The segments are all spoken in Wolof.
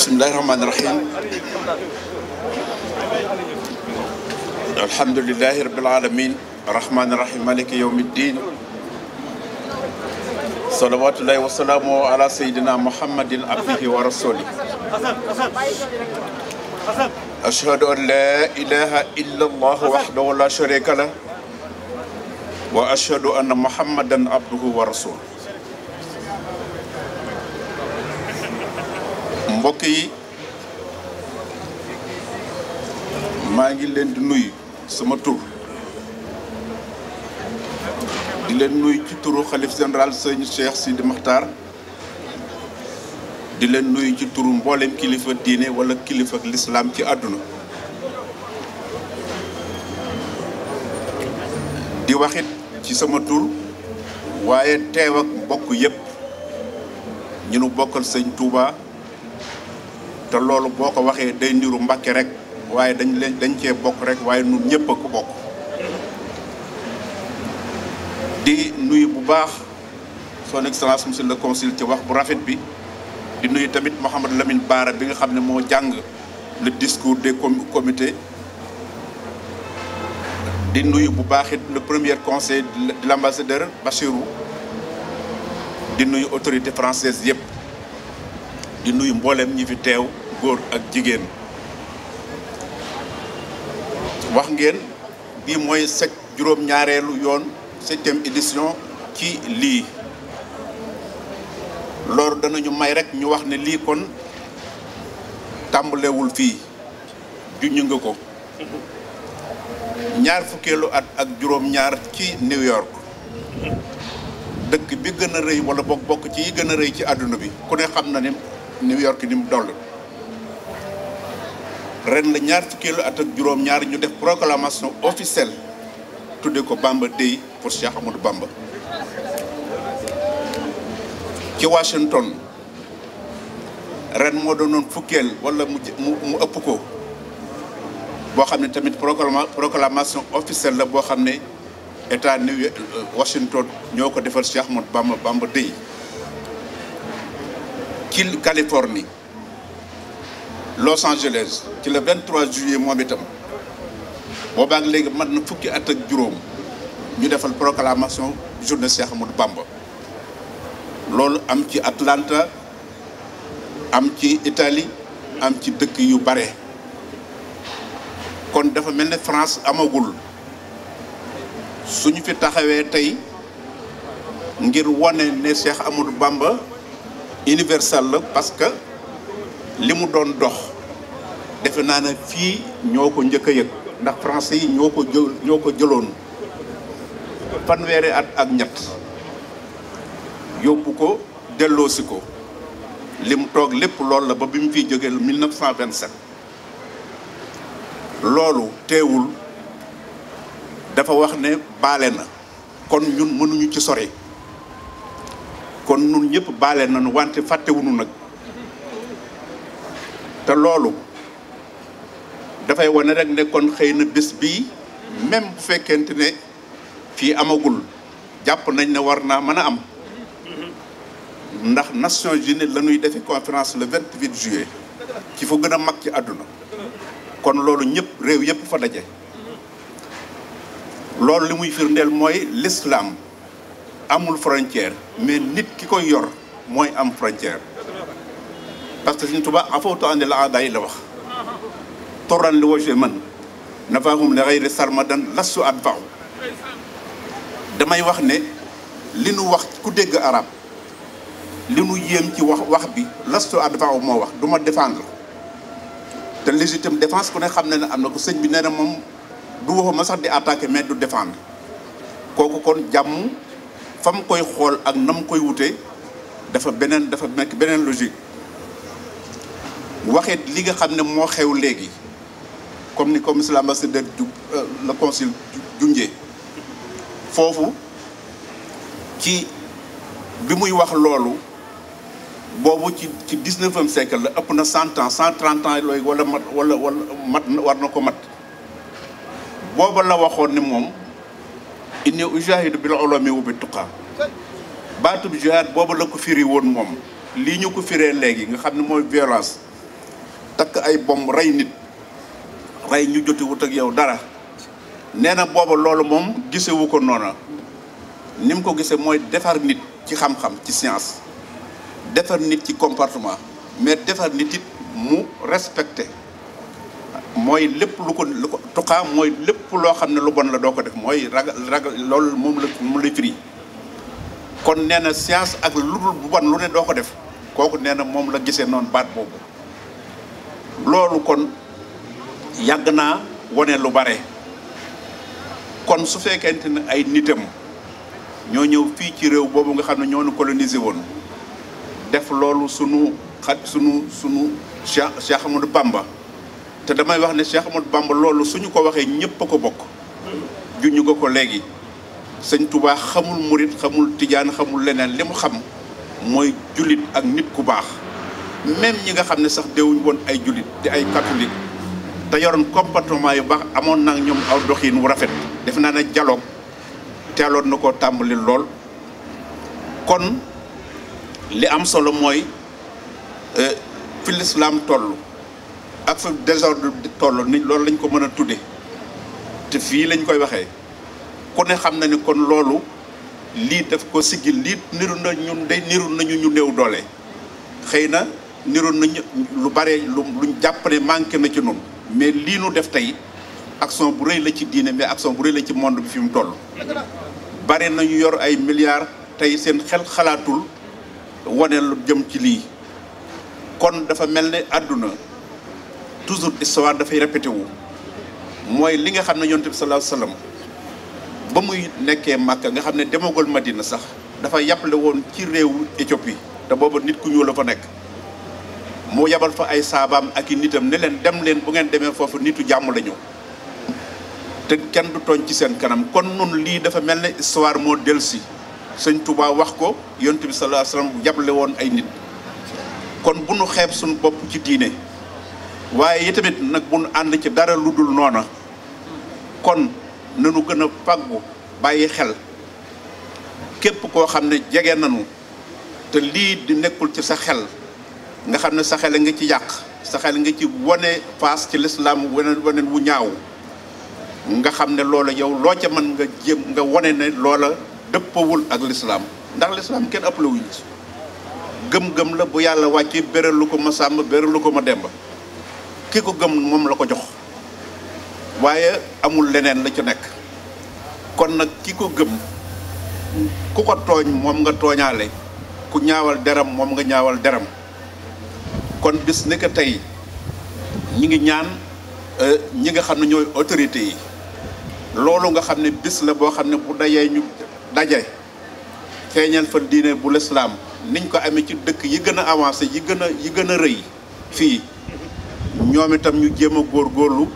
bismillahi rahmaani rahim alhamdulilahi rabbil alamin rahmaani rahim maliki yawmi ddin salawatullahi wasalaamu ala sayidina muhammadin abdihi wa rasuli ashhadu an la ilaha illa allah wahdahu la sharika lah wa ashhadu anna muhammadan abduhu wa rasuluh mbokk yi maa ngi leen di nuyu sama tur di leen nuyu ci turu xalif général sëñ Cheikh Sidi Makhtar di leen nuyu ci turu mboolem kilifa diine wala kilifa lislaam ci àdduna di waxit ci sama tur waaye teew ak mbokk yépp ñu nu bokkal sëñ Touba. te loolu boo ko waxee day ndiru Mbàkke rek waaye dañ leen dañ cee bokk rek waaye nun ñëpp ko bokk di nuyu bu baax son excellence monsieur le consul ci wax bu rafet bi di nuyu tamit Mouhamadou Lamine Baara bi nga xam ne moo jàng le discours des comités di nuyu bu baaxit it le premier conseil de l' ambassadeur Bachirou di nuyu autorité française yëpp di nuyu mbooleem ñi fi teew góor ak jigéen wax ngeen bii mooy sec juróom-ñaareelu yoon septième édition ci lii loolu danañu may rekk ñu wax ne lii kon tàmbalewul fii juñu nga ko ñaar fukkeelu at ak juróom-ñaar ci New York dëkk bi gën a rëy wala bokk bokk ci yi gën rëy ci àdduna bi ku ne xam na ne New York ni doll ren la ñaar fukkeelu at ak juróom ñaar ñu def proclamation officielle tudde ko Bamba Day pour Cheikh Amadou Bamba ci Washington ren moo doonoon fukkeel wala mu mu ëpp ko boo xam ne tamit proclamation officielle la boo xam ne état New euh, Washington ñoo ko defal Cheikh Amadou Bamba Bamba Day ci Californie Los Angeles ci le 23 juillet moom itam boobaak léegi mat na fukki at ak juróom ñu defal proclamation journée Cheikh Amadou Bamba loolu am ci Atlanta am ci Italie am ci dëkk yu bare kon dafa mel ne France amagul su ñu fi taxawee tey ngir wane ne Cheikh Amadou Bamba universel la parce que li mu doon dox defe naa ne fii ñoo ko njëkk a yëg ndax français yi ñoo ko jël ñoo ko jëloon fanweeri at ak ñett yóbbu ko delloosi ko li mu toog lépp lool la ba bi mu fiy jógee 1927 loolu teewul dafa wax ne baale na kon ñun mënuñu ci sori kon ñun ñëpp baale nañu wante fàttewuñu nag. te loolu dafay wane rek ne kon xëy na bés bii même bu fekkente ne fii amagul jàpp nañ ne war naa mën a am ndax Nations Unies la ñuy defee conférence le vingt-huit juillet ci fa gën a mag ci àdduna kon loolu ñëpp réew yëpp fa daje loolu li muy firndeel mooy l'islam amul frontière mais nit ki koy yor mooy am frontière parce que Sëriñ Tuubaa afawtu anil aadaa la wax toran li waje man nafaahum li xayri sarmadan lastu adfaaw damay wax ne li nu wax ku dégg arab li nu yéem ci wax wax bi lastu adfaaw moo wax du ma défendre te légitime défense ko ne xam ne ne am na ko sëñ bi nee na moom du waxuma sax di attaquer mais du défendre kooku kon jàmm fa mu koy xool ak na mu koy wute dafa beneen dafa nekk beneen logique waxeet li nga xam ne moo xew léegi comme ni comme l'ambassadeur du euh, le consul junjee foofu ci bi muy wax loolu boobu ci ci dix-neuvième siècle la ëpp na cent ans cent trente ans looy wala mat wala wala mat war na ko mat booba la waxoon ne moom inni ujahidu bil ulumi wa bi tuqa baatub jihaad booba la ko firi woon moom lii ñu ko firee léegi nga xam ne mooy violence takk ay bomb rey nit rey ñu joti wut ak yow dara nee na booba loolu moom gisewu ko noona ni mu ko gisee mooy defar nit ci xam-xam ci science defar nit ci comportement mais defar nit it mu respecté mooy lépp lu ko lu ko tuqaa mooy lépp loo xam ne lu bon la doo ko def mooy ragal ragal loolu moom la mu la firi kon nee na science ak lu dul bu lu ne doo ko def kooku nee na moom la gisee noonu baat boobu loolu kon yàgg naa wane lu bare kon su fekkente ne ay nitam ñoo ñëw fii ci réew boobu nga xam ne ñoo nu colonisé woon def loolu suñu xat sunu sunu Cheikh Cheikh Amadou Bamba te damay wax ne Cheikh Amadou loolu suñu ko waxee ñëpp a ko bokk juñu ko ko léegi sëñ Touba xamul murit xamul tijaan xamul leneen li mu xam mooy jullit ak nit ku baax même ñi nga xam ne sax déwuñ woon ay jullit di ay catholique te yoroon comportement yu baax amoon nag ñoom aw doxiin wu rafet def naa ne dialogue teeloon na koo tàmbali lool kon li am solo mooy euh, fi toll ak fi désordre toll ni loolu lañ ko mën a tudde te fii lañ koy waxee ku ne xam na ni kon loolu lii daf ko siggil lii niru na ñun day niru nañu ñu néew doole xëy na niroon nañu lu bare lu luñ jàpp ne manqué na ci noonu mais lii nu def tey action bu rëy la ci diine mais action bu rëy la ci monde bi fi mu toll. bare nañu yor ay milliards tey seen xel xalaatul wane lu jëm ci lii kon dafa mel ne àdduna toujours histoire dafay répété wu. mooy li nga xam ne yonent bi sallallahu alayhi wasallam ba muy nekkee Màkka nga xam ne demagul Madina sax dafa yàppale woon ci réewu Éthiopie te booba nit ku ñuul la fa nekk. moo yabal fa ay saabaam ak i nitam ne leen dem leen bu ngeen demee foofu nitu jàmm lañu te kenn du tooñ ci seen kanam kon nun lii dafa mel ne histoire moo si sëñ Touba wax ko yonent bi sallallahu alayhi yable woon ay nit kon bu nu xeeb suñu bopp ci diine waaye tamit nag bu nu ànd ci dara lu dul noona kon nanu gën a pàggu bàyyi xel képp koo xam ne jege nanu te lii di nekkul ci sa xel nga xam ne sa xel nga ci yàq sa xel nga ci wane paas ci lislaam wane wane wu ñaaw nga xam ne loola yow loo ca mën nga jéem nga wane ne loola dëppawul ak lislaam ndax lislaam kenn ëpp la wuñ gëm-gëm la bu yàlla wàcce béralu ko ma sàmm béralu ko ma demba ki ko gëm moom la ko jox waaye amul leneen la ci nekk kon nag ki ko gëm ku ko tooñ moom nga tooñaale ku ñaawal deram moom nga ñaawal deram kon bis ni ko tey ñi ngi ñaan euh, ñi nga xam ne ñooy autorité yi loolu nga xam ne bis la boo xam ne bu dajee ñu daje feeñal fa diine bu lislaam niñ ko amee ci dëkk yi gën a avancé yi gën a yi gën a rëy fii ñoom itam ñu jéem a góorlu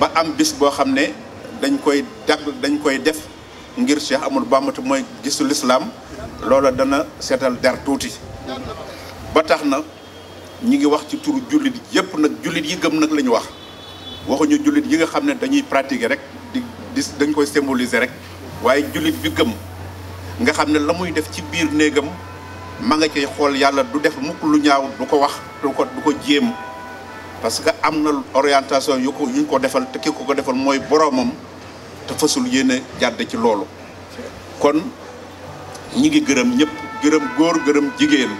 ba am bis boo xam ne dañ koy dag dañ koy def ngir Cheikh amul Bamba mooy gisu lislaam loola dana seetal der tuuti ba tax na ñi ngi wax ci turu jullit yépp nag jullit yi gëm nag la ñu wax waxuñu jullit yi nga xam ne dañuy pratiquer rek di di dañ koy symboliser rek waaye jullit bi gëm nga xam ne la muy def ci biir néegam ma nga cay xool yàlla du def mukk lu ñaaw du ko wax ko du ko jéem parce que am na orientation yu ko yu ko defal te ki ko ko defal mooy boroomam te fasul yéene jàdd ci loolu kon ñi ngi gërëm ñëpp gërëm góor gërëm jigéen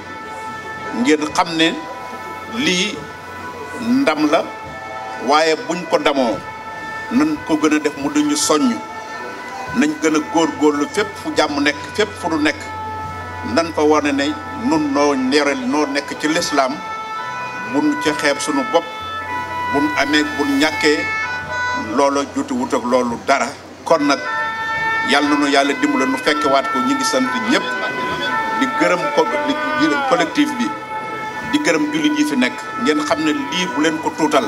ngeen xam ne lii ndam la waaye buñ ko damoo nan ko gën a def mu duñu soññ nañ gën a góorgóorlu fépp fu jàmm nekk fépp fu du nekk nan ko wone ne nun noo neeral noo nekk ci lislaam buñ ca xeeb sunu bopp buñ amee buñ ñàkkee looloo juti wut loolu dara kon nag yàlla na nu yàlla dimbale nu fekkewaat ko ñu ngi sant ñëpp di gërëm ko di collectif bi di gërëm jullit yi fi nekk ngeen xam ne lii bu leen ko tuutal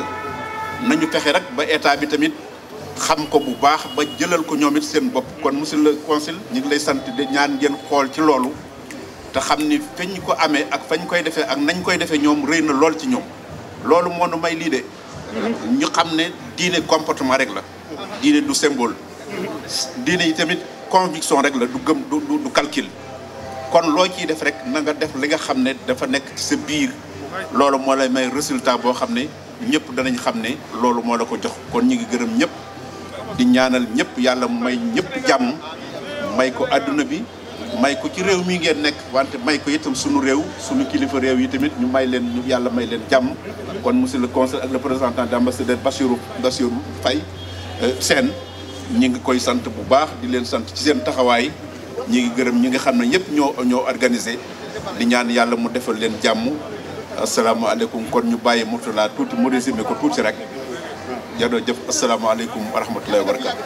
ñu fexe rek ba état bi tamit xam ko bu baax ba jëlal ko ñoom it seen bopp kon monsieur la consul ñu ngi lay sant de ñaan ngeen xool ci loolu te xam ni fañ ko amee ak fañ koy defee ak nañ koy defee ñoom rëy na lool ci ñoom loolu moo nu may lii de ñu xam ne diine comportement rek la diine du sembool diine yi tamit conviction rek la du gëm du du calcul kon loo ciy def rek nanga def li nga xam ne dafa nekk ci sa biir loolu moo la may résultat boo xam ne ñëpp danañ xam ne loolu moo la ko jox kon ñu ngi gërëm ñëpp di ñaanal ñëpp yàlla may ñëpp jàmm may ko àdduna bi may ko ci réew mi ngeen nekk wante may ko itam sunu réew sunu kilifa réew yi tamit ñu may leen ñu yàlla may leen jàmm kon monsieur le conseil ak le représentant d'ambassadeur Bassirou Bassirou Faye euh, seen ñu ngi koy sant bu baax di leen sant ci seen taxawaay ñi ngi gërëm ñi ngi xam ne ñëpp ñoo ñoo organisé di ñaan yàlla mu defal leen jàmm asalaamaaleykum kon ñu bàyyi Mourtala tuuti mu résumé ko tuuti rek jërëjëf asalaamaaleykum wa rahmatullahi wa barakatu